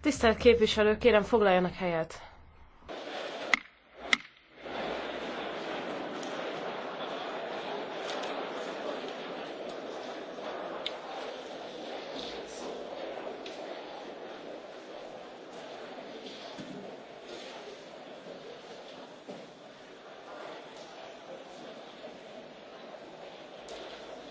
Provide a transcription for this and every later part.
Tisztelt képviselők, kérem foglaljanak helyet.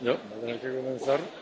No, tendrá que comenzar.